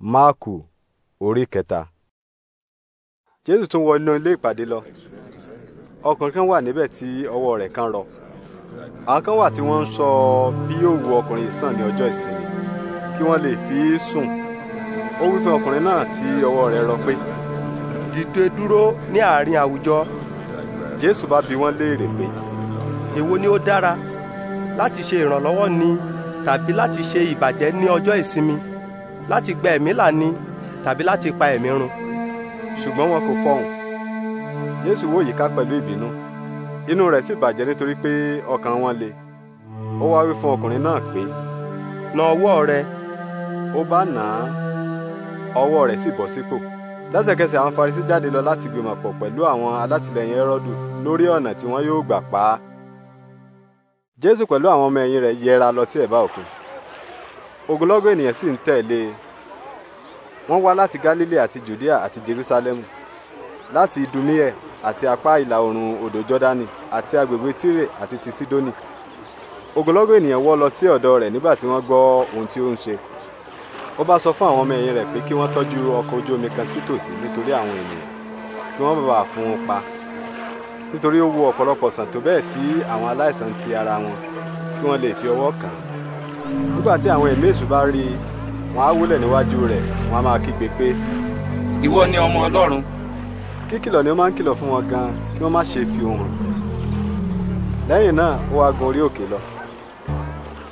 máàkù orí kẹta. jésù tún wọ inú ilé ìpàdé lọ ọkùnrin kan wà níbẹ̀ tí ọwọ́ rẹ̀ kan rọ àwọn kan wà tí wọ́n ń sọ bí yóò wu ọkùnrin yìí sàn ní ọjọ́ ìsinmi kí wọ́n lè fi í sùn ó wí fún ọkùnrin náà tí ọwọ́ rẹ̀ rọ pé. dìde dúró ní àárín àwùjọ jésù bá bi wọ́n léèrè pé èwo ni ó dára láti ṣe ìrànlọ́wọ́ ni tàbí láti ṣe ìbàjẹ́ ní ọjọ́ ìsinmi láti gba ẹ̀mí là ni tàbí láti pa ẹ̀mí run ṣùgbọ́n wọn kò fọhùn jésù wò yíká pẹ̀lú ìbínú inú rẹ̀ sì bàjẹ́ nítorí pé ọkàn wọn le ó wá wí fún ọkùnrin náà pé na ọwọ́ rẹ ó bá nà á ọwọ́ rẹ̀ sì bọ́ sípò lẹ́sẹ̀kẹsẹ̀ àwọn farisí jáde lọ láti gbìmọ̀ pọ̀ pẹ̀lú àwọn alátìlẹyìn ẹrọ́dù lórí ọ̀nà tí wọ́n yóò gbà pa á jésù pẹ̀lú àwọn ọmọ ẹ̀yìn rẹ̀ yẹra lọ sí ẹ̀bá òkun ogunlọ́gọ̀ ènìyàn sì ń tẹ̀lé e wọ́n wá láti Galilei àti Judea àti Jerusalem láti Idumie àti apá ìlà oòrùn odò Jọ́dánì àti agbègbè Tire àti ti Sidoni ogunlọ́gọ̀ ènìyàn wọ́ lọ sí ọ̀dọ̀ rẹ̀ nígbà tí wọ́n gbọ́ ohun tí ó ń ṣe ó bá sọ fún àwọn ọmọ ẹ̀yìn rẹ̀ pé kí wọ́n tọ́jú ọkọ̀ ojú omi kan sítòsí nítorí àwọn ènìyàn kí wọ́n bàbà fún un pa nítorí ó wo ọ̀pọ̀lọpọ̀ sàn tó bẹ́ẹ̀ tí àwọn aláìsàn ti ara wọn kí wọ́n lè fi ọwọ́ kàn án nígbà tí àwọn ẹ̀mí èṣù bá rí i wọ́n á wúlẹ̀ níwájú rẹ̀ wọ́n á máa kígbe pé. ìwọ ni ọmọ ọlọ́run. kíkìlọ̀ ni ó máa ń kìlọ̀ fún wọn gan-an kí wọ́n má ṣe fi hàn. lẹ́yìn náà ó wá gun orí òkè lọ.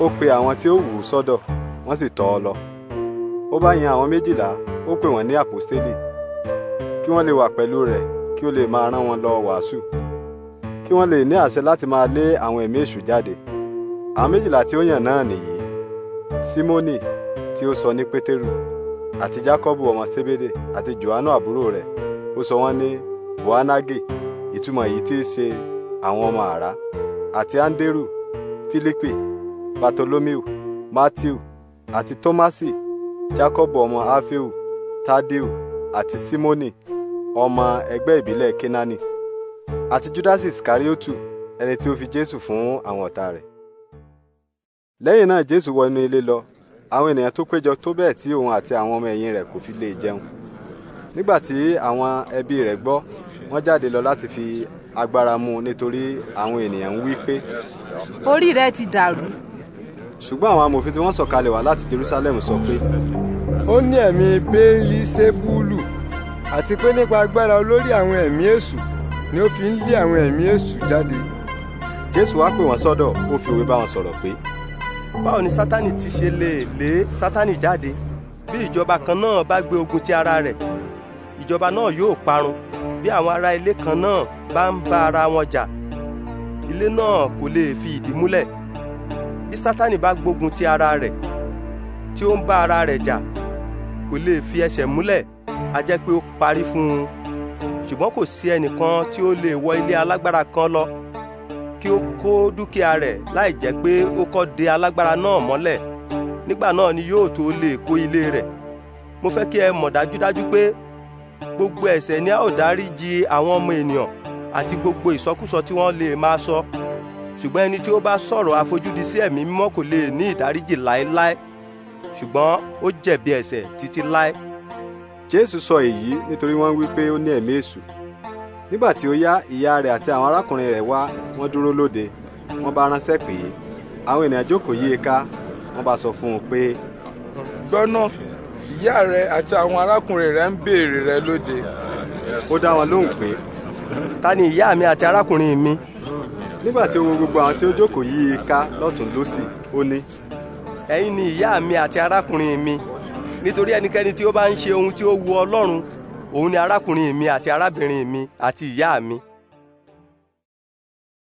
ó pe àwọn tí ó wù ú sọ́dọ̀ wọ́n sì tọ̀ ọ́ lọ. ó bá yan àwọn méjìlá ó pè wọ́n ní àpòstélì kí wọ́n lè wà pẹ̀lú rẹ̀ kí ó lè máa rán wọn lọ wàásù kí wọ́n lè ní àṣẹ láti máa lé àwọn ẹ̀mí èṣù jáde àwọn méjìlá tí ó yàn náà nìyí simoni tí ó sọ ní pétérù àti jacobu ọmọ sebede àti johanu àbúrò rẹ̀ ó sọ wọ́n ní boanage ìtumọ̀ èyí tí í ṣe àwọn ọmọ àrá àti anderu filipi bartolomeu matthew àti tomasi Jacob ọmọ alfeu tadeu àti simoni ọmọ ẹgbẹ́ ìbílẹ̀ kenani àti Judas Iscariotu, ẹni tí ó fi jésù fún àwọn ọ̀tá rẹ̀ lẹ́yìn náà jésù wọnú ilé lọ àwọn ènìyàn tó péjọ tó bẹ́ẹ̀ tí òun àti àwọn ọmọ ẹ̀yìn rẹ̀ kò fi lè jẹun nígbà tí àwọn ẹbí rẹ̀ gbọ́ wọ́n jáde lọ láti fi agbára mú nítorí àwọn ènìyàn ń wí pé. orí rẹ̀ ti dàrú. ṣùgbọ́n àwọn amòfin tí wọ́n sọ̀kalẹ̀ wá láti jerusalem sọ pé. ó ní ẹ̀mí bẹ́ẹ́lí sẹ́búlù àti pé nípa agbára olórí àwọn ẹ̀mí èṣù ni ó fi ń lé àwọn ẹ̀mí èṣù jáde. jésù wá pè wọ́n sọ́dọ̀ ó fi òwe bá wọn sọ̀rọ̀ pé báwo ni sátani ti ṣe lè lé sátani jáde bí ìjọba kan náà bá gbé ogun ti ara rẹ̀ ìjọba náà yóò parun bí àwọn ará ilé kan náà bá ń bá ara wọn jà ilé náà kò lè fi ìdí múlẹ̀ bí sátani bá gbógun ti ara rẹ̀ tí ó ń bá ara rẹ̀ jà kò lè fi ẹsẹ̀ múlẹ̀ a jẹ́ pé ó parí fún un ṣùgbọ́n kò sí ẹnìkan tí ó lè wọ ilé alágbára kan lọ kí ó kó dúkìá rẹ̀ láì jẹ́ pé ó kọ́ de alágbára náà mọ́lẹ̀ nígbà náà ni yóò tó lè kó ilé rẹ̀ mo fẹ́ kí ẹ mọ̀ dájúdájú pé gbogbo ẹ̀ṣẹ̀ ni a ó dáríjì àwọn ọmọ ènìyàn àti gbogbo ìsọkúsọ tí wọ́n lè máa sọ ṣùgbọ́n ẹni tí ó bá sọ̀rọ̀ àfojúdi sí ẹ̀mí mímọ́ kò lè ní ìdáríjì láéláé ṣùgbọ́n ó jẹ̀bi ẹ̀ṣẹ̀ títí láé. Jésù sọ èyí nítorí wọ́n wí pé ó ní ẹ̀mí èṣù nígbà tí ó yá ìyá rẹ̀ àti àwọn arákùnrin rẹ̀ wá wọ́n dúró lóde wọ́n bá ránṣẹ́ pé àwọn ènìyàn jókòó yí i e ká wọ́n bá sọ fún un pé. gbọ́nà ìyá rẹ àti àwọn arákùnrin rẹ ń béèrè rẹ lóde. ó dá wọn lóhùn pé. ta ni ìyá mi àti arákùnrin mi. nígbà tí ó wo gbogbo àwọn tí ó jókòó yí i e lọ́tún lọ́sì ó ní. ẹ̀yin ni ìyá mi àti arákùnrin mi nítorí ẹnikẹ́ni tí ó bá ń ṣe ohun tí ó wu ọlọ́run òun ni arákùnrin mi àti arábìnrin mi àti ìyá mi